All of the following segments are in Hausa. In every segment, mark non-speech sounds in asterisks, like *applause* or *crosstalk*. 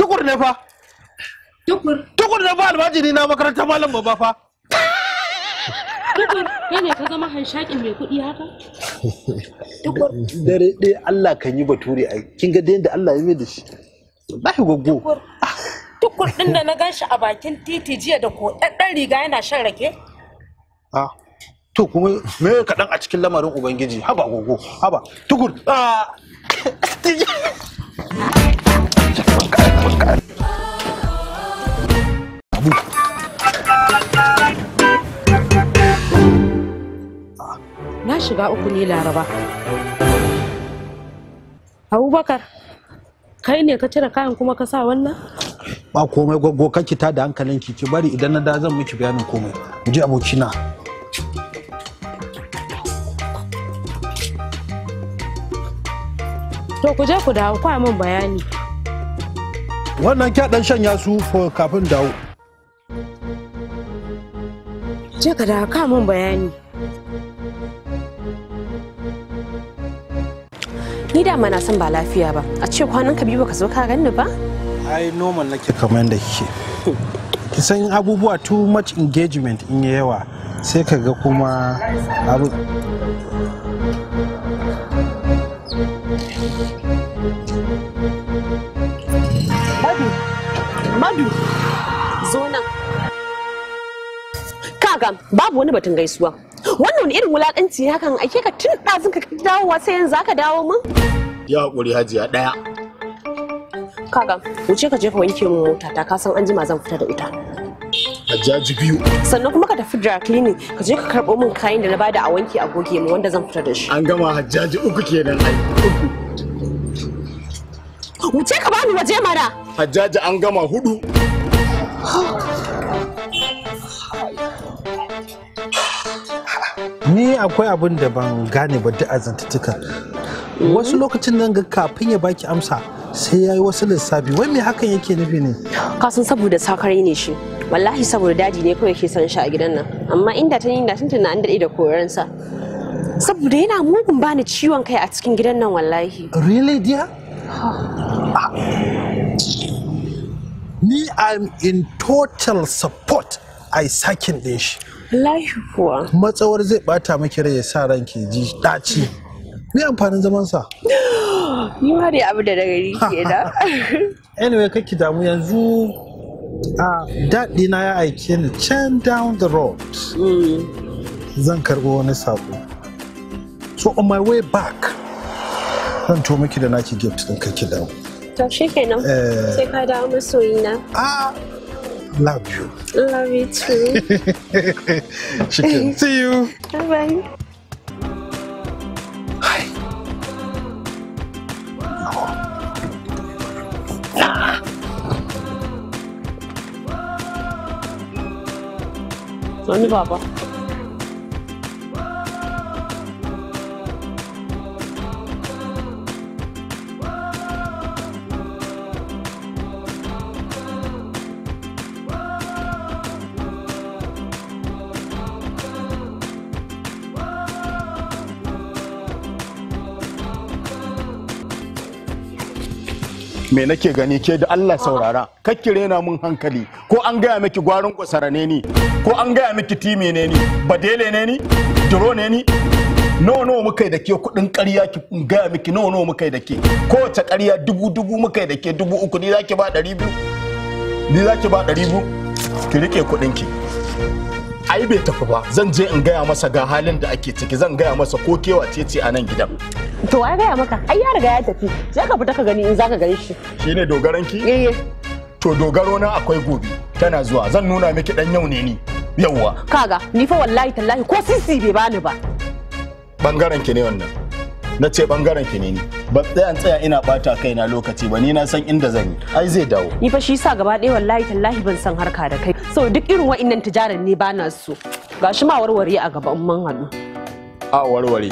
tukur ne fa tukur tukur ne fa almajiri na makarantar malam baba fa tukur ne ka zama hanshakin mai kuɗi haka tukur dare ɗaya Allah kan yi bature a kin ga da Allah ya mai da shi shi goggo tukur din da na ganshi a bakin titi jiya da ko ɗan riga yana shan rake ah to kuma me kaɗan a cikin lamarin ubangiji haba gogo haba tukur ka na shiga uku ne laraba abubakar kai ne ka cire kayan kuma ka sa wannan ba komai gwaggo kake ta da hankalin ki bari idan na da zan miki bayanin komai mu je abokina to ku je ku dawo kwa min bayani wannan kyaɗan shan su kafin dawo je ka da ka min bayani ni da na san ba lafiya ba a ce kwanan ka biyu ka zo ka ganni ba ai normal nake kamar yadda kike ki san abubuwa too much engagement in yawa sai ka ga kuma abu Sa'adu, zo nan. Kaga babu wani batun gaisuwa. Wannan wani irin wulaƙanci ya kan ake ka tun ɗazin ka dawo wa sai yanzu aka dawo min? Ya haƙuri hajiya ɗaya. Kaga, wuce ka jefa wanke min mota ta ka san an jima zan fita da ita. Hajjaji biyu. Sannan kuma ka tafi dry cleaning ka je ka karɓo min kayan da na bada a wanke a goge min wanda zan fita da shi. An gama hajjaji uku kenan ai. Wuce ka bani waje mana. hajjaji an gama hudu ni akwai abin da ban gane ba duk azantattukan wasu lokacin nan ga kafin ya baki amsa sai ya yi wasu lissafi wai me hakan yake nufi ne kasan saboda sakarai ne shi wallahi saboda daji ne kawai ke san shi a gidan nan amma inda ta na tun tuna an daɗe da koransa saboda yana mugun bani ciwon kai a cikin gidan nan wallahi really dear ni i'm in total support ai sakin din shi wallahi kuwa matsawar zai bata miki rai ya sa ranki ji daci ni amfanin zaman sa *gasps* ni ma dai abu da daga ke da anyway kake damu yanzu a daɗi na ya aike ni can down the road mm. zan karɓo wani sako so on my way back zan to miki da naki gift din kake damu Toshi certo, Kano. Uh, eh. Sekada Masuina. Ah! Love you. Love you too. *laughs* Chicken. *laughs* See you. Bye bye. Hi. No. Ah. me nake gani ke da Allah saurara kakki rena mun hankali ko an gaya miki gwarin ne ni ko an gaya miki time ne ni badele ne ni duro ne ni nawa nawa muka da ke kudin ƙarya ki gaya miki nawa nawa muka da ke kowace ƙarya dubu dubu muka da ke dubu uku ni zaki ba ɗari biyu ni zaki ba ɗari biyu ki rike kuɗin ki ai bai tafi ba zan je in gaya masa ga halin da ake ciki zan gaya masa ko kewa ce ce a nan gidan to ai gaya maka ai ya riga ya tafi sai ka fita ka gani in zaka gare shi shine dogaran ki eh, eh to dogaro na akwai gobe tana zuwa zan nuna miki dan yau ne ni yauwa kaga ni fa wallahi tallahi ko sisi bai bani ba bangaren ki ne wannan na ce bangaren ki ne ni ba an tsaya ina bata kaina lokaci ba ni na san inda zan yi ai zai dawo ni fa shi yasa gaba ɗaya wallahi tallahi ban san harka da kai so duk irin wa'annan tijaran ne ba na so gashi ma warware a gaban man hannu. a warware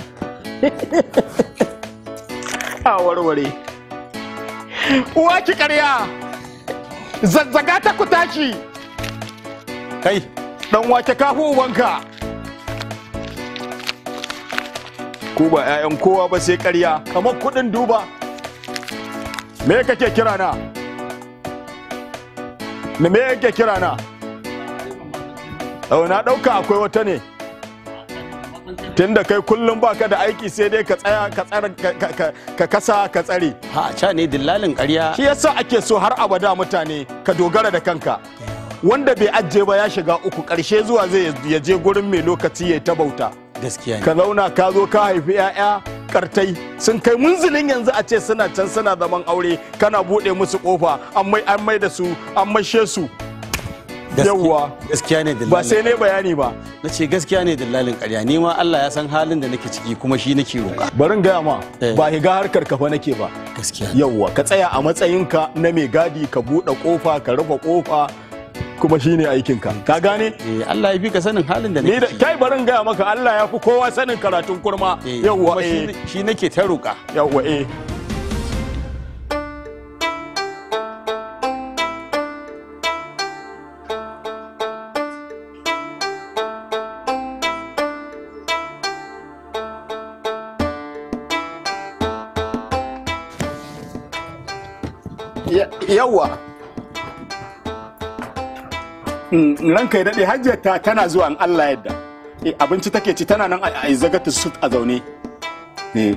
a warware uwa ki karya zazzaga ta ku tashi kai dan wake kafu ubanka ku ba 'ya'yan kowa ba sai ƙarya kamar kuɗin duba me kake kira na me yake kira na na ɗauka akwai wata ne tunda kai kullum ba ka da aiki sai dai ka tsaya ka tsara ka kasa ka tsare ha ca ne dillalin ƙarya shi yasa ake so har abada mutane ka dogara da kanka wanda bai ajiye ba ya shiga uku ƙarshe zuwa zai ya je gurin mai lokaci ya ta bauta gaskiya ka launa ka zo ka haifi 'ya'ya kartai sun kai munzulin yanzu a ce suna can suna zaman aure kana buɗe musu kofa an mai da su an mashe su yawwa gaskiya ne dillalin ba sai ne bayani ba na ce gaskiya ne dillalin ƙarya ni ma Allah ya san halin da nake ciki kuma shi nake roƙa barin gaya ma eh. ba higa harkar kafa nake ba gaskiya yawwa ka tsaya a matsayinka na mai gadi ka buɗe kofa ka rufe kofa kuma shine aikin ka gane eh, Allah ya fi ka sanin halin da nake kai barin gaya maka Allah ya fi kowa sanin karatun kurma yawwa eh, eh. shi nake ta roƙa yawwa eh yawwa ranka ya daɗe hajjata tana zuwa in Allah yadda eh, abinci take ci tana nan a zagata sut a zaune eh.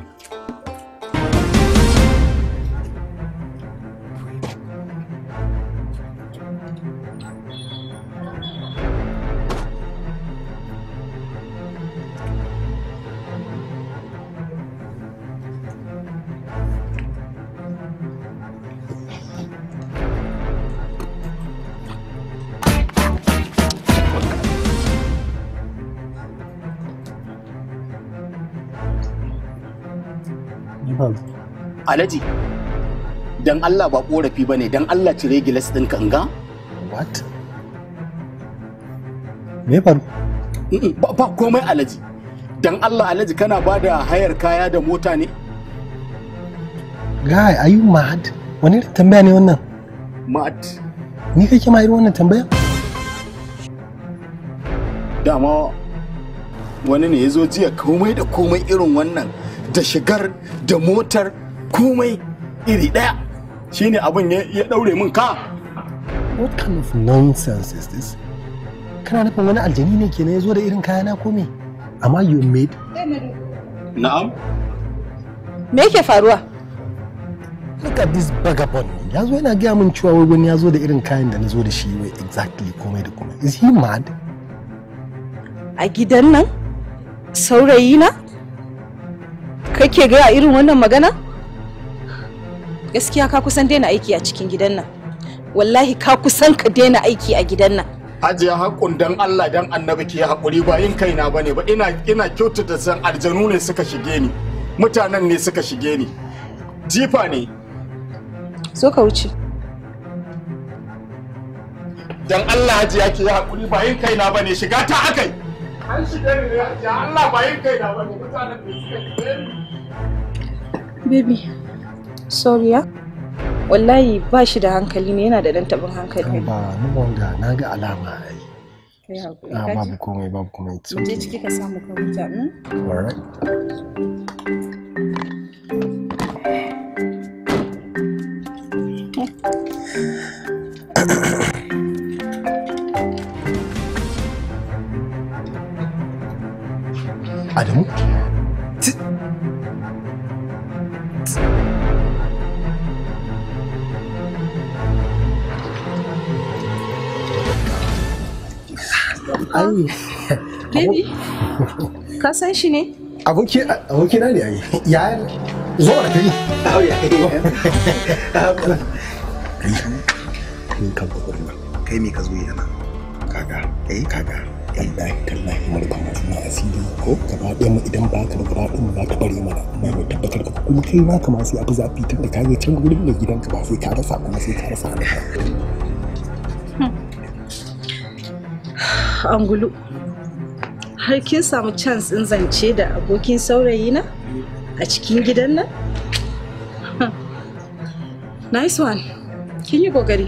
alaji dan Allah ba korafi bane dan Allah cire gilas din kanga what me faru ba komai alaji dan Allah alaji kana ba da hayar kaya da mota ne guy are you mad wani irin tambaya ne wannan mad ni kake ma irin wannan tambaya dama wani ne ya zo jiya komai da komai irin wannan da shigar da motar komai iri ɗaya shine abin ya ɗaure mun ka what kind of nonsense is this kana nufin wani aljani ne kenan ya zo da irin kayana ko me amma you made na'am me yake faruwa look at this vagabond ya zo yana gaya min cewa wai wani ya zo da irin kayan da na zo da shi wai exactly komai da komai is he mad a gidan nan saurayi na kake gaya irin wannan magana gaskiya ka kusan daina aiki a cikin gidan nan wallahi ka kusan ka daina aiki a gidan nan hajiya haƙun dan Allah dan annabi ke haƙuri ba yin kaina bane ba ina ina kyautata san aljanu ne suka shige ni mutanen ne suka shige ni jifa ne so ka wuce dan Allah hajiya ke haƙuri ba yin kaina bane shiga ta akai an shige ni ne hajiya Allah ba yin kaina bane mutanen ne suka shige ni baby Soriya? Wallahi ba shi da hankali ne yana da ɗan taɓin hankali. Ba, ni wanda na ga alama ai. Ah, babu komai babu komai. Mu je ciki ka samu ka huta. Hmm? Alright. Adamu? Ai. Baby. *laughs* Ka san shi ne? Aboki aboki na ne ai. Ya zo da kai. Oh ya. Kai ka *laughs* ka zo yana? Kaga. Eh kaga. wallahi tallahi ko gaba mu idan ba ka bare mana tabbatar ka kuma kama sai abu zafi tun da ka je mai gidanka ka rasa kuma sai ka rasa ne. Hmm. angulu har kin samu chance in zance da abokin saurayi na a cikin gidan nan *laughs* nice one kin yi kokari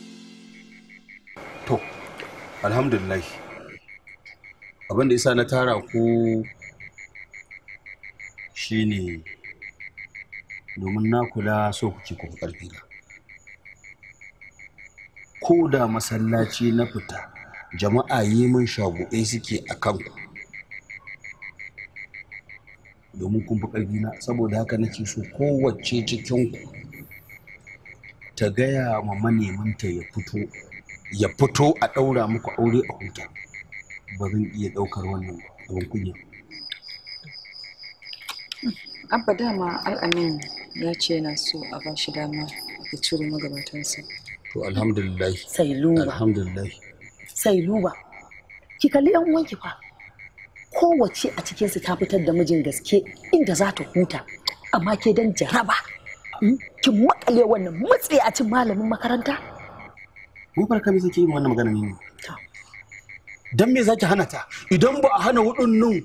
alhamdulillah abinda isa na tara ku shine domin na kula so kuke kuma ƙarfi na ko da masallaci na fita jama'a yi min shagu'ai suke a kanku domin kun fi ƙarfi na saboda haka nake so kowace cikinku ta gaya ma manemanta ya fito ya fito a ɗaura muku aure a huta ba zan iya ɗaukar wannan abin kunya abba dama al'amin ya ce yana so a ba shi dama ya ciro magabatansa to alhamdulillah sai luba alhamdulillah sai luba ki kalli yan uwanki fa kowace a cikinsu ta fitar da mijin gaske inda za ta huta amma ke dan jaraba hmm? kin makale wannan a cin malamin makaranta mu farka me sake yin wannan magana ne dan me zaki hana ta idan ba a hana waɗannan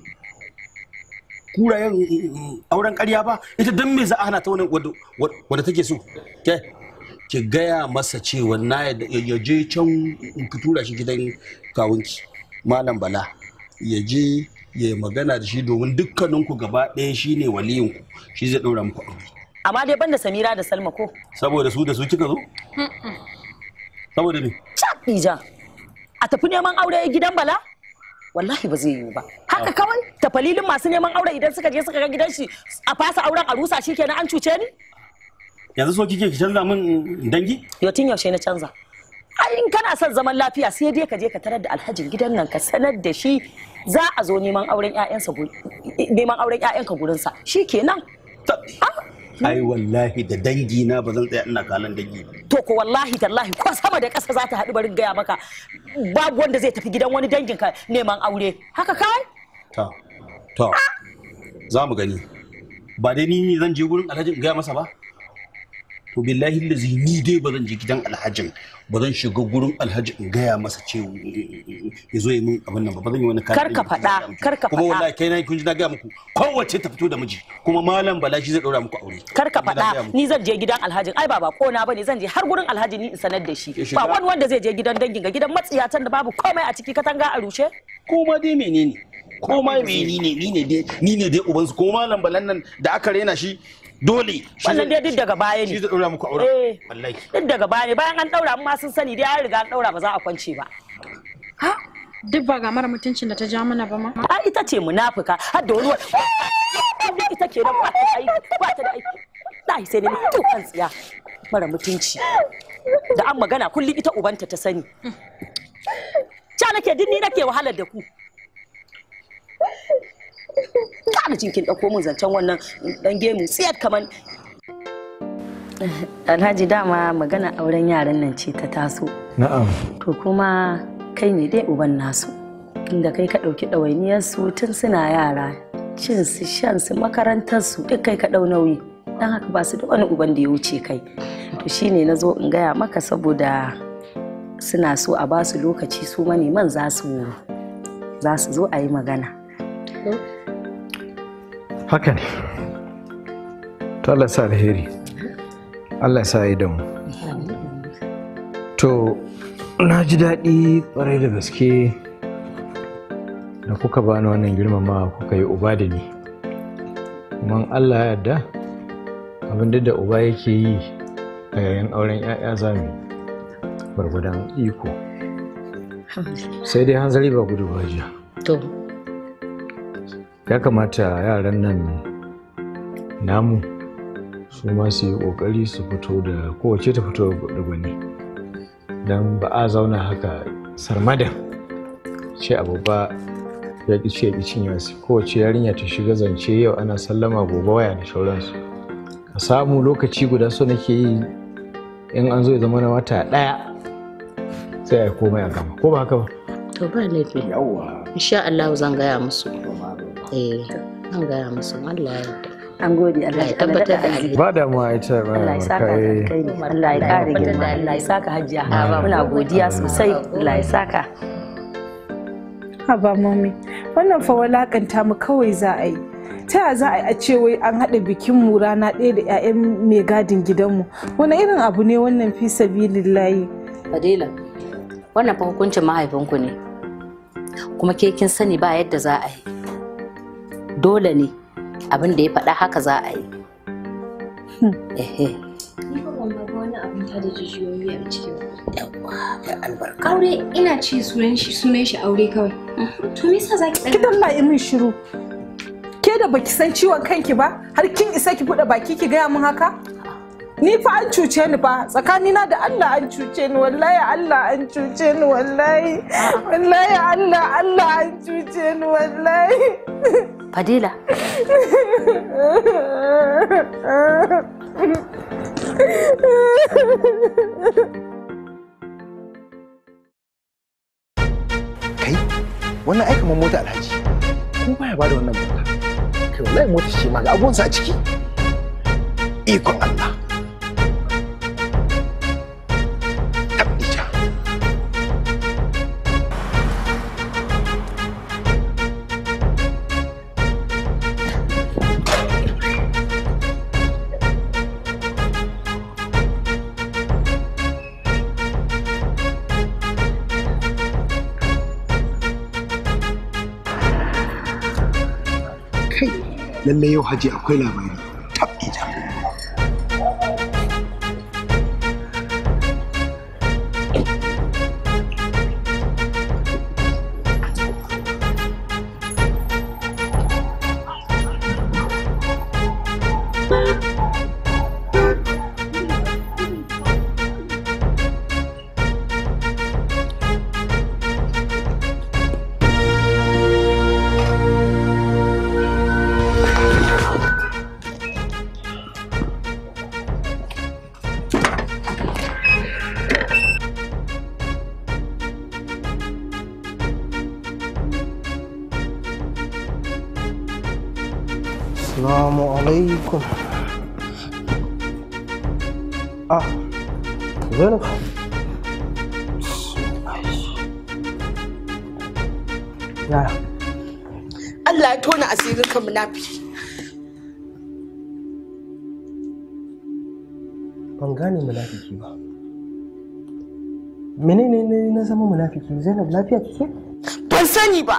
kura kurayen eh, eh, eh, auren ƙarya ba ita dan me za a hana ta wannan wanda take so ke ki gaya masa cewa na ya je can ki tura shi gidan kawunki malam bala ya je ya magana da shi domin dukkaninku gaba ɗaya shi ne waliyinku shi zai ɗora muku amma dai banda samira da salma ko saboda su da su kika zo saboda ne cak ija a tafi neman aure gidan bala wallahi ba zai yiwu ba haka ah. kawai tafalilin masu neman aure idan suka je suka ga gidan shi a fasa auren a rusa shi kenan an cuce ni yanzu so kike ki canza min dangi yotin yaushe na canza ai in kana son zaman lafiya sai dai ka je ka tarar da alhajin gidan nan ka sanar da shi za a zo neman auren ƴaƴansa neman auren ƴaƴanka gurin sa shikenan ah. ai wallahi da dangi na ba zan tsaya ina kalan dangi to ko wallahi tallahi ko sama da ƙasa za ta haɗu bari gaya maka babu wanda zai tafi gidan wani dangin ka neman aure haka kai? ta ta ah! za mu gani ba dai ni zan je gurin alhaji gaya masa ba to billahi lazi ni dai ba zan je gidan alhajin ba zan shiga gurin alhaji in gaya masa ce ya zo yi min abin nan ba ba zan yi wani kar ka faɗa kar ka faɗa kuma wallahi kai na kun ji na gaya muku kowace ta fito da miji kuma malam bala shi zai ɗora muku aure kar ka faɗa ni zan je gidan alhaji ai ba ba kona bane zan je har gurin alhaji ni in sanar da shi ba wani wanda zai je gidan dangin ga gidan matsiyatan da babu komai a ciki katanga a rushe kuma dai menene ko ma ni ne ni ne dai ni ne dai ubansu ko malam balan nan da aka rena shi dole wannan dai duk daga baya ne shi zai daura muku aure eh. wallahi duk daga baya ne bayan an daura amma sun sani dai an riga an daura ba za a kwance ba ha duk ba ga mara mutuncin da ta ja mana ba ma a ita ce munafuka har da wani ita ke da ba ta aiki ba ta da aiki dai sai ne mutu kan tsiya mara mutunci da an magana kullum ita ubanta ta sani ca nake duk ni nake wahalar da ku Kama jinkin ɗauko min zancen wannan ɗan gemu tsiyar kamar. Alhaji dama magana auren yaran nan ce ta taso. Na'am. To kuma kai ne dai uban nasu. Inda kai ka ɗauki ɗawainiyarsu tun suna yara. Cin su shan su makarantar su duk kai ka ɗau nauyi. Dan haka ba su da wani uban da ya wuce kai. To shine nazo zo in gaya maka saboda suna so a ba su lokaci su maneman za su zo a yi magana. haka ne to Allah sa alheri Allah sa damu to na ji daɗi ƙwarai da gaske da kuka bani wannan girmamawa kuka yi uba da ni kuma Allah ya yarda abin da uba yake yi a yayin auren 'ya'ya zamu gwargwadon iko sai dai hanzari ba gudu ba jiya to ya kamata yaran nan namu su ma su yi ƙoƙari su fito da kowace ta fito da gwani don ba a zauna haka sarmada ce abu ba ya ƙi ce ya cinye su kowace yarinya ta shiga zance yau ana sallama gobe waya da shauransu a samu lokaci guda so nake yi in an zo ya zama na wata ɗaya sai a komai a gama ko ba haka ba to ba laifi yawa insha Allah zan gaya musu eh an gaya musu Allah ya an gode Allah ya tabbatar da alheri ba da mu ai ba Allah ya saka alheri Allah ya kare girma Allah ya saka hajiya muna godiya sosai Allah ya saka haba mami wannan fa walakanta mu kawai za a yi ta ya za a yi a ce wai an haɗa bikin mu rana ɗaya da 'ya'yan mai gadin gidanmu wani irin abu ne wannan fi sabilillahi fadila wannan fa hukuncin mahaifinku ne kuma ke kin sani ba yadda za a yi dole ne abin da ya faɗa haka za a yi hmm. aure ina ce sunan shi sunan shi aure kawai hmm. to me yasa zaki dan kidan la min shiru ke da baki san ciwon kanki ba har kin isa ki buɗe baki ki gaya min haka ni fa an cuce ni fa tsakanina da Allah an cuce ni wallahi Allah an cuce ni wallahi ah. wallahi Allah Allah an cuce ni wallahi *laughs* fadila kai wannan aika mun mota alhaji ko baya ba da wannan mota kai wallahi mota ce ma ga abubuwansa a ciki Iko Allah lallai yau haji akwai labari zama munafiki Zainab lafiya kike? Ban sani ba.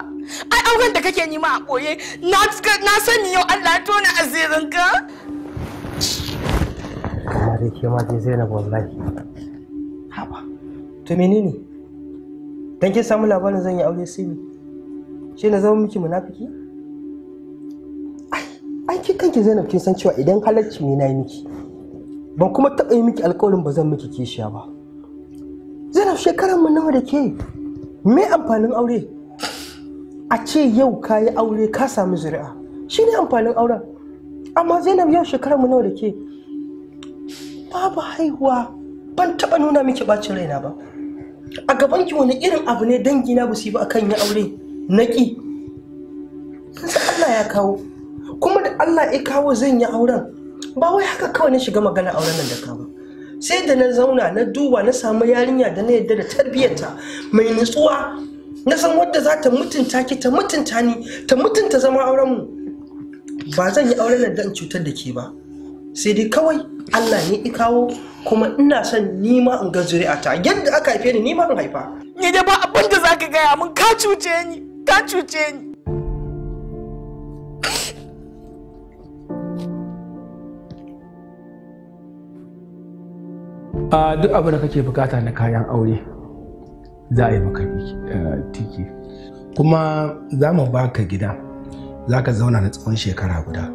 Ai auren da kake nima a ɓoye na sani yau Allah ya tona asirin ka. Amma dai ke ma dai Zainab wallahi. Haba. To menene? Dan kin samu labarin zan yi aure sai ni. Shi na zama miki munafiki? Ai kin kanki Zainab kin san cewa idan halacci ne na yi miki. Ban kuma taɓa yi miki alƙawarin ba zan miki kishiya ba. shekaran mu nawa da ke me amfanin aure a ce yau ka yi aure ka samu zuri'a shi ne amfanin auren amma zainab yau shekaran mu nawa da ke babu haihuwa ban taba nuna miki bacin raina ba a gaban ki wani irin abu ne dangi na busi yi ba akan yi aure naki sai Allah ya kawo kuma da Allah ya kawo zan yi auren ba wai haka kawai ne shiga magana auren nan da kawo sai da na zauna na duba na samu yarinya da na yadda da tarbiyyarta mai nutsuwa na san wadda za ta mutunta ki ta mutunta ni ta mutunta zama auren mu ba zan yi auren da dan cutar da ke ba sai dai kawai Allah ne i kawo kuma ina son nima in ga zuri'a ta. yadda aka haife ni nima in haifa ni da ba abin da zaka gaya mun ka cuce ni ka cuce ni a duk abin da kake bukata na kayan aure za a yi maka eh, tiki kuma za mu baka gida za ka zauna na tsawon shekara guda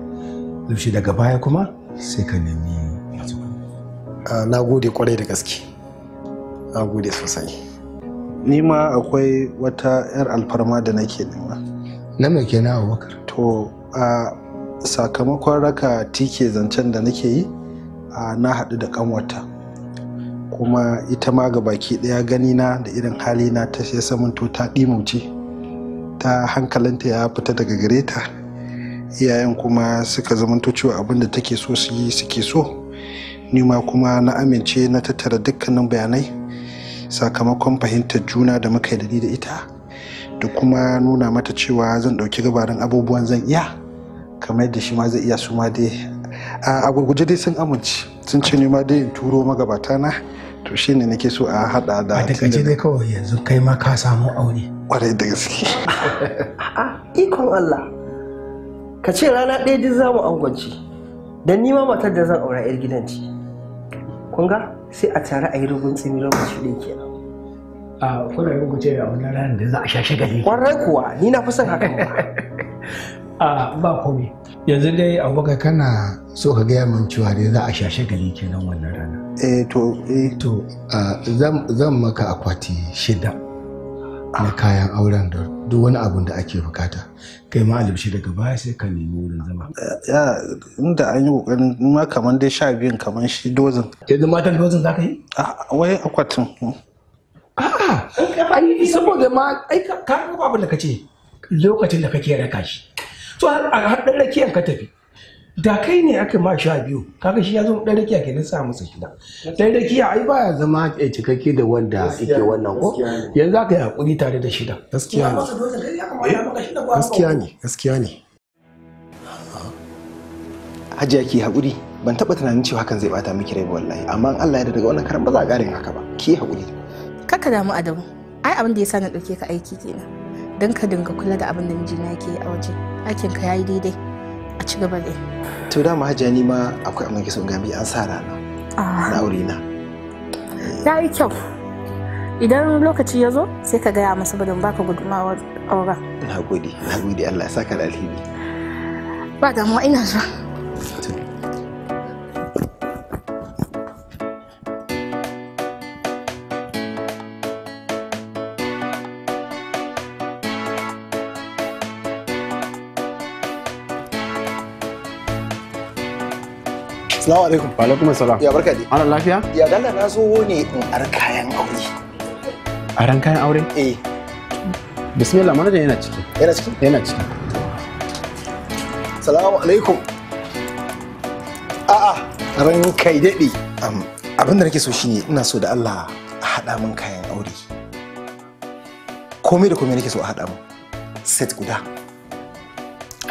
lushe daga baya kuma sai ka nemi na gode kwarai da gaske na gode sosai ni ma akwai wata 'yar alfarma da nake nema na mai ke nawa to a sakamakon raka tike zancen da nake yi na haɗu da kanwata kuma ita ma ga baki ɗaya ganina da irin halina ta sai samunto ta ɗimauce ta hankalinta ya fita daga gareta, ta iyayen kuma suka zamanto cewa abin da take so su yi suke so ni ma kuma na amince na tattara dukkanin bayanai sakamakon fahimtar juna da muka yi da ita da kuma nuna mata cewa zan ɗauki gabarin abubuwan zan iya kamar yadda shi ma zai iya su ma dai a gurguje dai sun amince sun ce ne ma dai in turo magabata na to shi ne nake so a hada da a takaice dai kawai yanzu kai ma ka samu aure kwarai da gaske ikon Allah ka ce rana ɗaya duk za mu angwanci don nima matar da zan aura yar gidanci kun ga sai a tare a yi rubun tsini rubun shi ɗin ke a kuna yin guje a wannan ranar da za a sha shagali kwarai kuwa ni na fi son haka ba *laughs* a ba komai yanzu dai ka kana so ka gaya min cewa dai za a shashe gari kenan wannan rana eh to eh to zan maka akwati shida na kayan auren da duk wani abun da ake bukata kai ma alibshi daga baya sai ka nemi wurin zama ya inda an yi kokarin ma kaman dai sha biyun kaman shi dozin yanzu matan dozin za ka yi a ah, wai akwatin a'a ah, saboda ma ai ka abin da ka ce lokacin da kake raka shi to a haɗin rakiyan ka tafi da kai ne aka ma sha biyu kaga shi ya zama ɗan rakiya kenan sa masa shida ɗan rakiya ai baya zama eh, cikakke da wanda yake wannan ko yanzu aka yi hakuri tare da shida eh, gaskiya ne gaskiya ne gaskiya ne hajiya ke hakuri ban taɓa tunanin cewa hakan zai bata miki rai wallahi amma an Allah ya daga wannan karan ba za a ƙarin haka ba ki hakuri kaka damu adamu ai abin da ya sa na ɗauke ka aiki kenan don ka dinga kula da abin da mijina ke a waje aikin ka yayi daidai a ci gaba dai to da mu hajjani ma akwai amman kisan gami an sa rana ah. na aure na ya yi kyau idan lokaci ya zo sai ka gaya masa ba ka baka gudunmawar auren na gode na gode Allah ya saka da alheri ba damuwa ina zuwa Assalamu alaikum. Wa alaikum assalam. Ya barka dai. Ana lafiya? Ya dalla na zo ne in ar kayan aure. Aran kayan aure? Eh. Bismillah manajan yana ciki. Yana ciki? Yana ciki. Assalamu alaikum. A'a, ran kai daɗi. Abin da nake so shine ina so da Allah a haɗa min kayan aure. Komai da komai nake so a haɗa min. Set guda.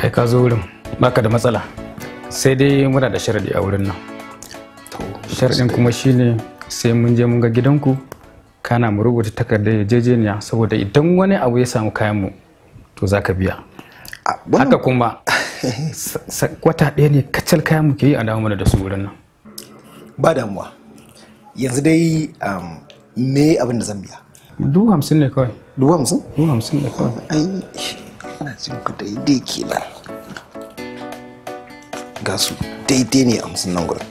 Ai ka zo wurin, baka da matsala. sai dai muna da sharadi a wurin nan sharadin kuma shine sai mun je mun ga gidanku kana mu rubuta takardar yarjejeniya saboda idan wani abu ya samu kayan mu to za ka biya haka kuma wata ɗaya ne kacal kayan mu ke yi a dawo mana da su wurin nan ba damuwa yanzu dai um, me abin da zan biya dubu hamsin ne kawai dubu hamsin dubu hamsin ne kawai ai ana jin ku dai kenan ga su daidai ne a nan gurin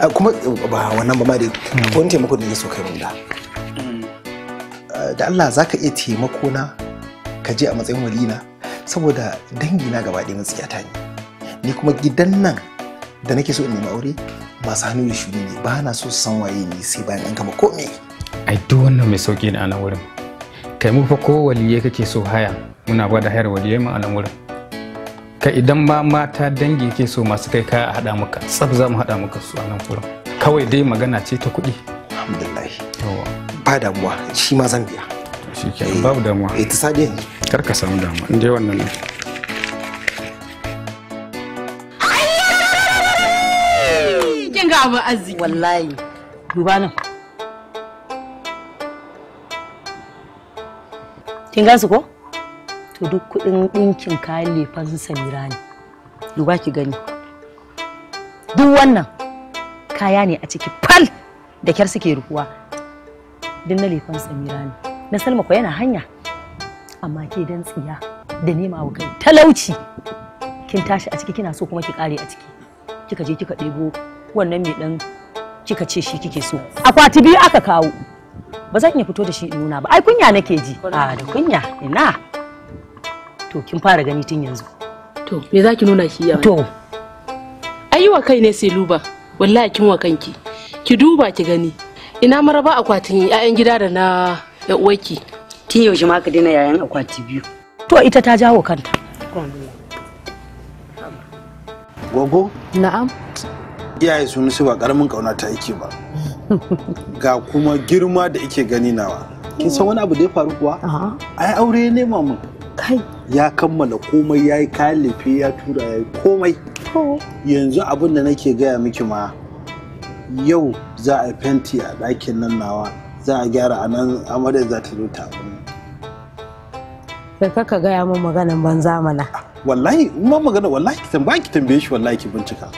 eh, kuma ba wannan ba ma dai hmm. wani taimako da so kai mun da hmm. da Allah za ka iya taimako na ka je a matsayin walina saboda dangi na gaba ɗaya matsiyata ne ni kuma gidan nan da nake so in nemi aure masu hannu da shuni ne ba na so san waye ne sai bayan an gama komai ai duk wannan mai sauki ne a nan wurin kai mu fa ko waliye kake so haya muna ba da hayar waliye mu a nan wurin ka idan ma mata dangi ke so masu kai kaya a haɗa maka tsaf za mu haɗa maka su a nan furan kawai dai magana ce ta kuɗi alhamdulillah ba damuwa shi ma zan biya shi ke babu eh, damuwa eh ta sadi yanzu kar ka samu damuwa inda wannan ne kin ga abu arziki wallahi duba nan kin gansu ko to duk kuɗin ɗinkin kayan lefan samira ne duba ki gani duk wannan kaya ne a ciki fal da kyar suke ruwa din na lefan samira ne na salma ko yana hanya amma ke dan tsiya da nema wa kai talauci kin tashi a ciki kina so kuma ki kare a ciki kika je kika ɗebo wannan mai dan kika ce shi kike so akwati biyu aka kawo ba zan iya fito da shi in nuna ba ai kunya nake ji a ah, da kunya ina to kin fara gani tun yanzu to me zaki nuna shi ya to ayi wa kai ne sai luba wallahi kin wa kanki ki duba ki gani ina maraba akwatin 'ya'yan gida da na ya uwarki tun yaushe ma ka yayan akwati biyu to ita ta jawo kanta gogo na'am iyaye su ba karamin kauna ta yake ba ga kuma girma da ike gani nawa kin san wani abu da ya faru kuwa ai aure ne mamun kai ya kammala komai ya yi kayan ya tura ya yi komai yanzu abin da nake gaya miki ma yau za a fenti a ɗakin nan nawa za a gyara a nan amarya za ta zo ta Da kaka gaya min maganan ban zamana wallahi ma magana wallahi ki tambaya ki tambaye shi wallahi ki bincika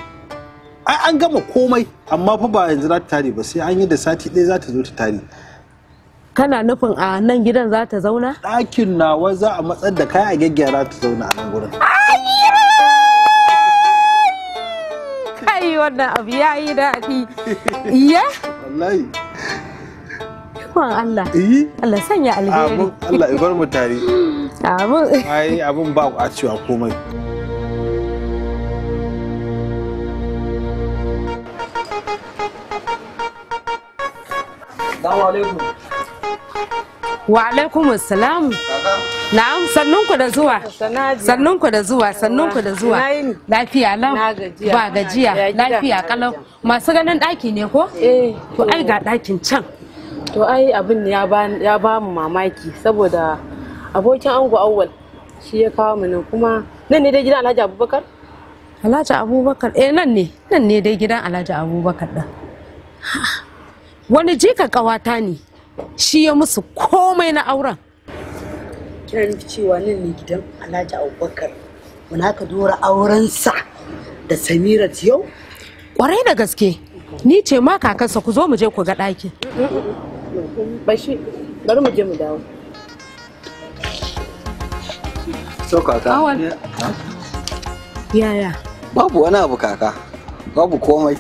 ai an gama komai amma fa ba yanzu za ta tare ba sai an yi da sati ɗaya za ta zo ta tare kana nufin a nan gidan za ta zauna ɗakin nawa za a matsar da kai a gyaggyara ta zauna a nan gurin kai wannan abu ya yi daɗi iya wallahi ikon Allah eh? Allah sanya alheri Allah ibar mu tare abun ai abun ba a cewa komai Assalamu alaikum. Wa alaikum assalam Na'am sannunku da zuwa. sannunku da zuwa, sannunku da zuwa. Lafiya lau. Ba gajiya, lafiya kalau. Masu ganin daki ne ko? Eh. To ai ga dakin can. To ai abin ya ba mu mamaki saboda abokin ango awwal shi ya kawo mu kuma nan ne dai gidan Alhaji Abubakar? Alhaji Abubakar eh nan ne, nan ne dai gidan Alhaji Abubakar da Wani jika kawata ne. shi ya musu komai na auren kina nufi cewa nan ne gidan alhaji abubakar wani aka dora aurensa da Samira yau kwarai da gaske ni ce ma kakansa ku zo mu je ku ga ɗakin. bashi bari mu je mu dawo so kaka yaya babu wani abu kaka babu komai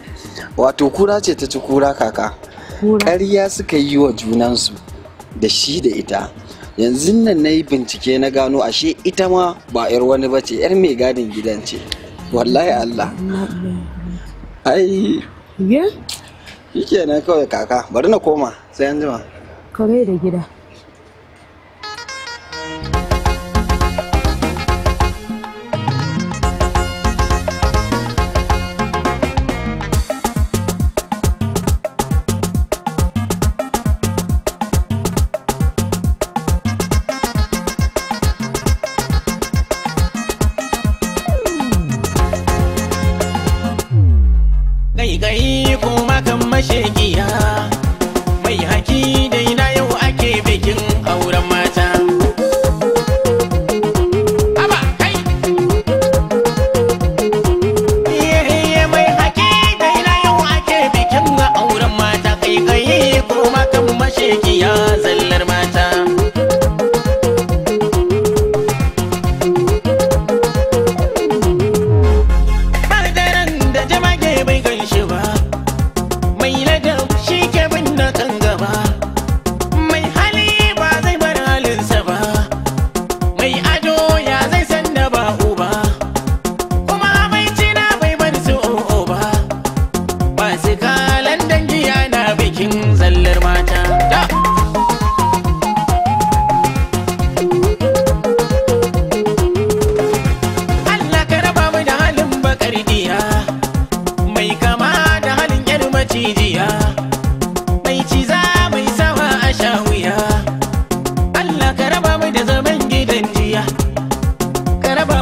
wato kura ce ta ci kura kaka ƙarya suka yi wa junansu da shi da ita yanzu nan na yi bincike na gano ashe ita ma ba 'yar wani ba ce 'yar mai gadin gidan ce wallahi allah ai yi. kawai kaka bari na koma sai an jima kawai da gida yi kuma kan mashegiya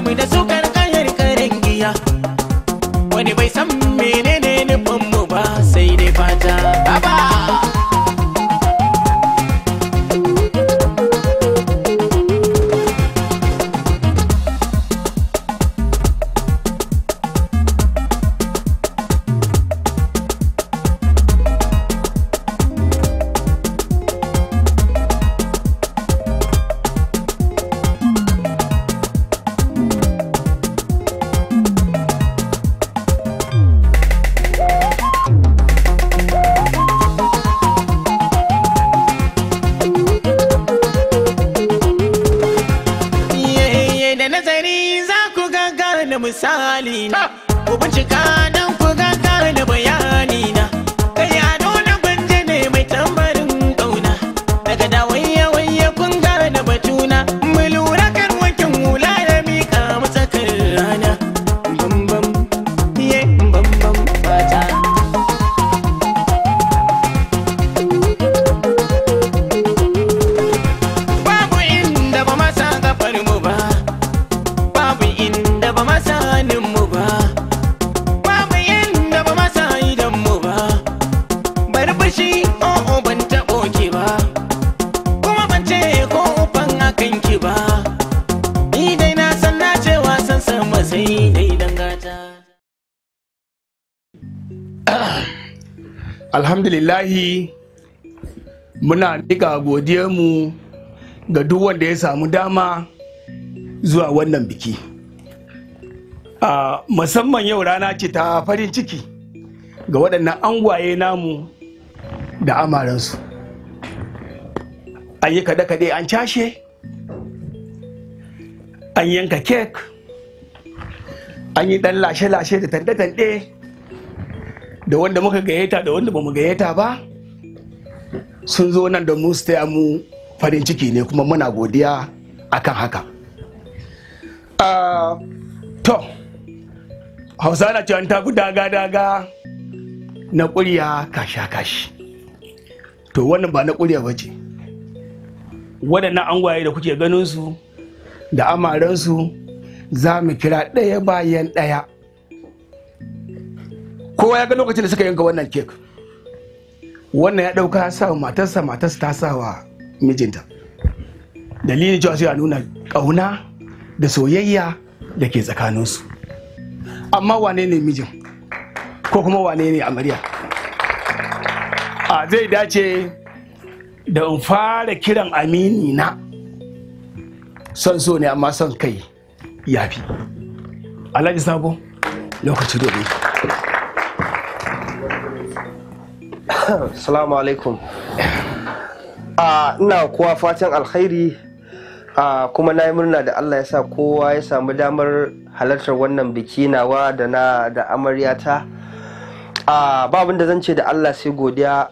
mu da su karkayar karen giya wani bai san menene nufin mu ba sai dai fata baba alhamdulillahi muna mika mu ga duk wanda ya samu dama zuwa wannan biki musamman yau rana ce ta farin ciki ga waɗannan angwaye namu da amaransu an yi kaɗe-kaɗe an cashe an yanka kek an yi ɗan lashe-lashe da tanɗe-tanɗe da wanda muka gayyata da wanda bamu gayyata ba sun zo nan da su taya mu farin ciki ne kuma muna godiya akan haka ah, to hausa na cewa ta daga daga na kuriya kasha kashi to wannan ba na kurya bace ce waɗannan angwaye da kuke ganin su da amaransu za mu kira ɗaya bayan ɗaya kowa ya ga lokacin da suka yanka wannan kek wannan ya ɗauka sa matarsa matarsa ta sa wa mijinta dalilin cewa sai a nuna kauna da soyayya da ke tsakaninsu amma wane ne mijin ko kuma wane ne amarya a zai dace da in fara kiran amini na son so ne amma son kai yafi alhaji sabo lokaci dobe. Assalamu alaikum. Ah, ina kowa fatan alkhairi ah, kuma na yi murna da Allah ya sa kowa ya samu damar halartar wannan biki nawa da na da amaryata. Ah, Babin da zan ce da Allah sai godiya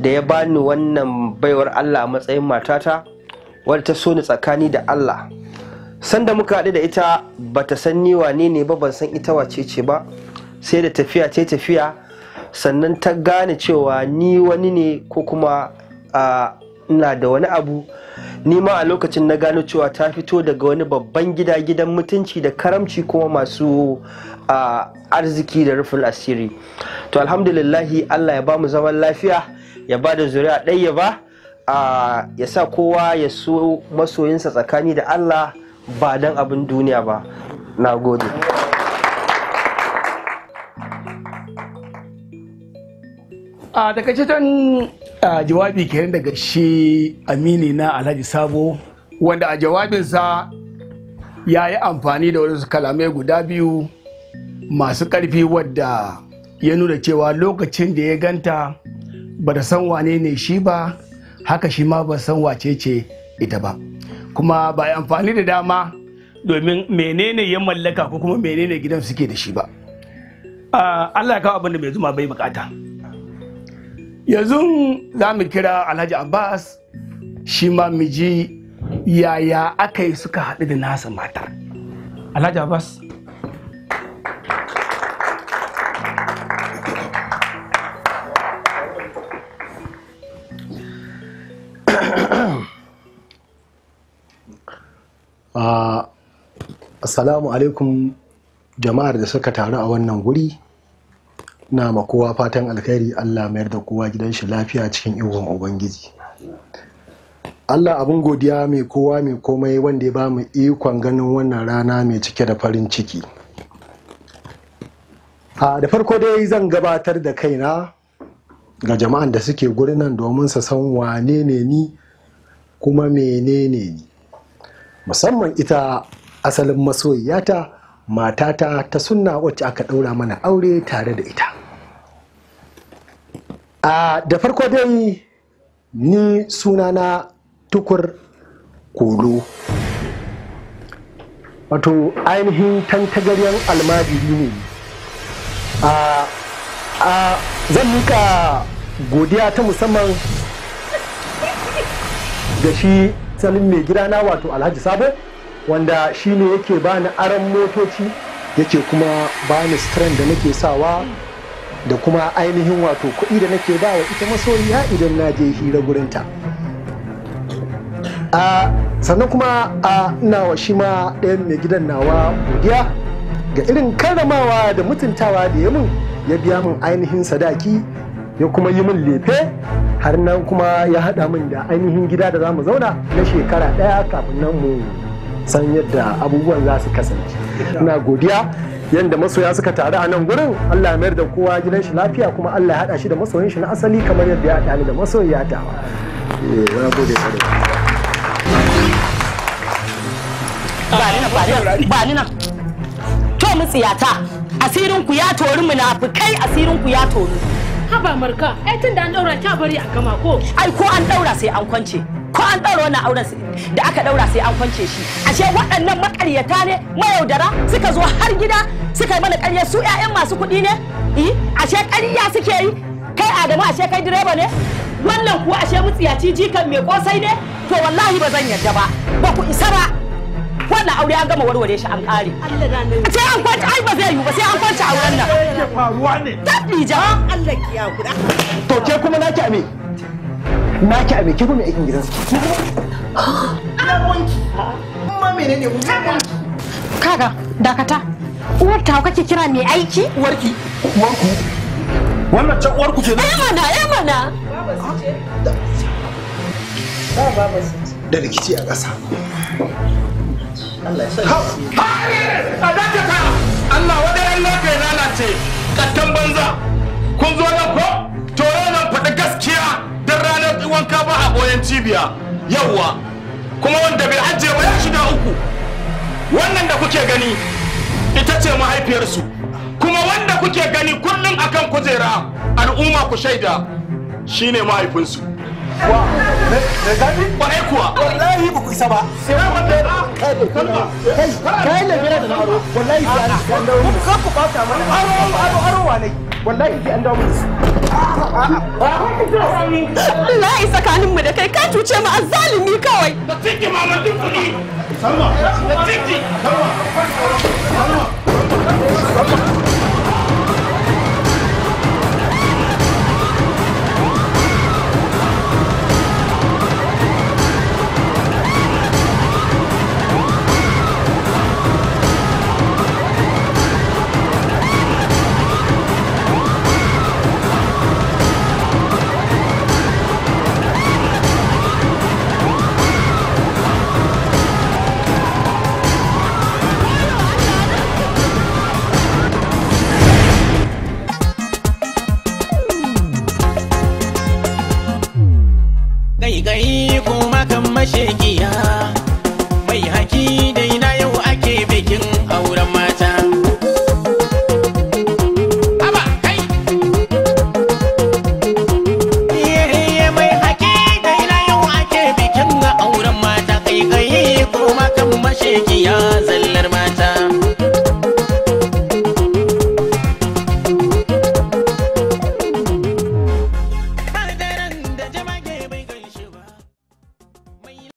da ya bani wannan baiwar Allah a matsayin matata wadda ta so ni tsakani da Allah. Sanda muka haɗu da ita bata san ni wane ne ba ban san ita wace ce ba sai da tafiya ce tafiya sannan ta gane cewa ni wani ne ko kuma ina da wani abu ni ma a lokacin na gano cewa ta fito daga wani babban gida gidan mutunci da karamci kuma masu arziki da rufin asiri to alhamdulillahi allah ya ba mu zaman lafiya ya ba da zuri'a ɗaya ba ya sa kowa ya so masoyinsa tsakani da allah ba don abin duniya ba na gode a takaitaccen jawabi kenan daga shi amini na alhaji sabo wanda a jawabinsa ya yi amfani da wasu kalamai guda biyu masu ƙarfi wadda ya nuna cewa lokacin da ya ganta ba da san wane ne shi ba haka shi ma ba san wace ce ita ba kuma ba ya amfani da dama domin menene ya mallaka ko kuma menene gidan suke da shi ba Allah ya kawo abin da mai zuma bai bukata yanzu za mu kira alhaji abbas shi ma mu yaya aka yi suka haɗu da nasa mata alhaji abbas ah, assalamu alaikum jama'ar da suka taru a wannan wuri. na ma kowa fatan alkhairi allah mayar da kowa gidan shi lafiya cikin ihun ubangiji allah abin godiya mai kowa mai komai wanda ya ba mu ikon ganin wannan rana mai cike da farin ciki a da farko dai zan gabatar da kaina ga jama'an da suke gurinan nan domin su san wane ne ni kuma menene ni musamman ita asalin masoyiyata matata ta sunna wacce aka ɗaura mana aure tare da ita A da farko dai ni sunana tukur kolo wato ainihin tantagaryen almajiri ne a zan mika godiya ta musamman da shi salin mai gidana wato alhaji sabo wanda shi ne yake bani aron motoci yake kuma bani strand da nake sawa da kuma ainihin wato kuɗi da nake bawa ita masoyiya idan na je hira gurinta a sannan kuma a nawa shi ma ɗayan mai gidan nawa godiya ga irin karramawa da mutuntawa da ya mun ya biya min ainihin sadaki ya kuma yi min lefe har nan kuma ya haɗa min da ainihin gida da za mu zauna na shekara ɗaya kafin nan mu san yadda abubuwan za su kasance ina godiya yadda masoya suka taru a nan gurin Allah ya mayar da kowa gidan shi lafiya kuma Allah ya haɗa shi da masoyin shi na asali kamar yadda ya haɗa ni da masoyiya ta eh, ba ni nan to mu asirin ku ya tori munafikai asirin ku ya tori haba marka ai tun da an daura ta bari a gama ko ai ko an daura sai an kwance ko an ɗaura wannan auren da aka ɗaura sai an kwance shi ashe waɗannan makaryata ne mayaudara suka zo har gida suka yi mana ƙarya su 'ya'yan masu kuɗi ne eh, ashe ƙarya suke yi kai adamu ashe kai direba ne wannan kuwa ashe mutsiyaci jikan mai kosai ne to wallahi ba zan yarda ba ba ku isa ba wannan aure an gama warware shi an kare sai an kwanta ai ba zai yiwu ba sai an kwanta auren nan faruwa ne kiya to ke kuma naki ame na ki a mai kifi mai aikin gidansu kuma menene kaga dakata uwar ta kake kira mai aiki uwarki uwarku wannan can uwarku ce eh mana eh mana da rikici a ƙasa Allah ya sa a dakata Allah wadai Allah kai lalace kattan banza kun zo nan ko to nan wanka ba a boyan cibiya yawwa kuma wanda bai ajiye ba ya shiga uku wannan da kuke gani ita ce mahaifiyarsu kuma wanda kuke gani kullum akan kujera al'umma ku shaida shine mahaifinsu Wallahi ba ku isa ba. Sai wanda ya kai kai kai Kai kai kai kai kai kai kai kai kai kai kai kai kai kai mana. kai kai kai kai kai kai kai an kai mu. Na yi mu da kai ka cuce mu azzalimi kawai. Da ciki ma mutum Salma. Da ciki. Salma. Salma.